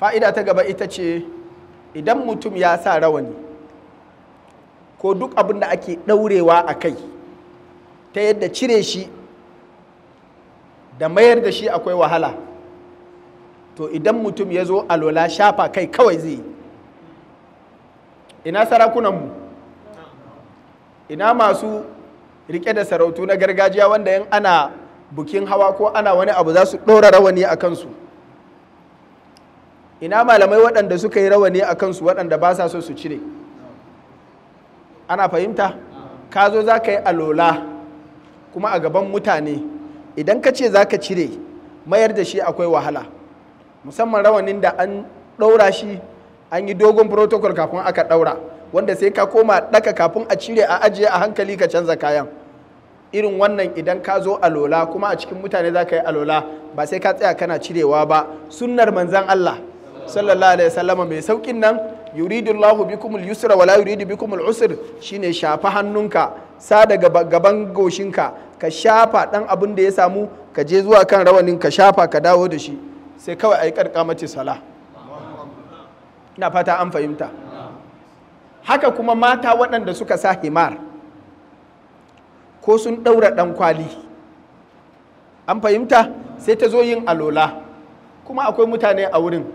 fa'ida ta gaba ita ce idan mutum ya sa rawani ko duk abin da ake ɗaurewa a kai ta yadda cire shi da mayar da shi akwai wahala to idan mutum ya zo alola shafa kai kawai zai ina sarakunanmu ina masu rike da sarautu na gargajiya wanda yin ana bukin hawa ko ana wani abu za su ɗora rawani a kansu ina malamai waɗanda suka yi rawani a kansu waɗanda ba sa so su cire ana fahimta ka zo za ka yi alola kuma a gaban mutane idan ka ce za ka cire mayar da shi akwai wahala musamman rawanin da an ɗaura shi an yi dogon protocol kafin aka ɗaura wanda sai ka koma ɗaka kafin a cire a ajiye a hankali ka canza kayan irin wannan idan ka zo alola kuma a cikin mutane za ka yi alola ba sai ka tsaya kana cirewa ba sunnar manzan Allah sallallahu alaihi wasallama mai saukin nan yuridullahu bikumul yusra wala yuridu bikumul usr shine shafa hannunka sa daga gaban goshinka ka shafa dan abin da ya samu ka je zuwa kan rawanin ka shafa ka dawo da shi sai kawai ai karkamati sala ina fata an fahimta haka kuma mata waɗanda suka sa himar ko sun ɗaura ɗan kwali an fahimta sai ta zo yin alola kuma akwai mutane a wurin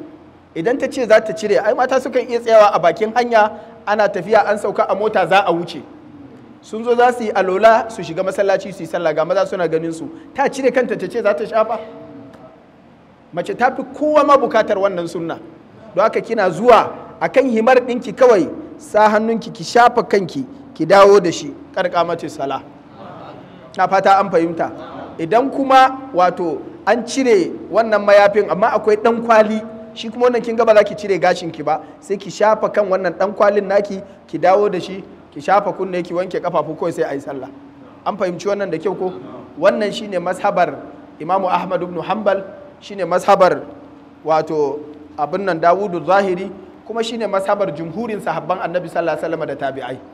idan ta ce za ta cire ai mata sukan iya tsayawa a bakin hanya ana tafiya an sauka a mota za a wuce sun zo za su yi alola su shiga masallaci su yi sallah ga maza suna ganin su ta cire kanta ta ce za ta shafa mace ta fi kowa ma bukatar wannan sunna don haka kina zuwa akan himar ɗinki kawai sa hannunki ki shafa kanki ki dawo da shi mace sala na fata an fahimta idan kuma wato an cire wannan mayafin amma akwai ɗan kwali shi kuma wannan kin ga ba za ki cire gashin ki ba sai ki shafa kan wannan dan kwalin naki ki dawo da shi ki shafa kunne ki wanke kafafu kawai sai ayi sallah an fahimci wannan da kyau ko wannan shine mazhabar imamu ahmad ibn hanbal shine mazhabar wato abin nan dawudu zahiri kuma shine mazhabar jumhurin sahabban annabi sallallahu alaihi wasallam da tabi'ai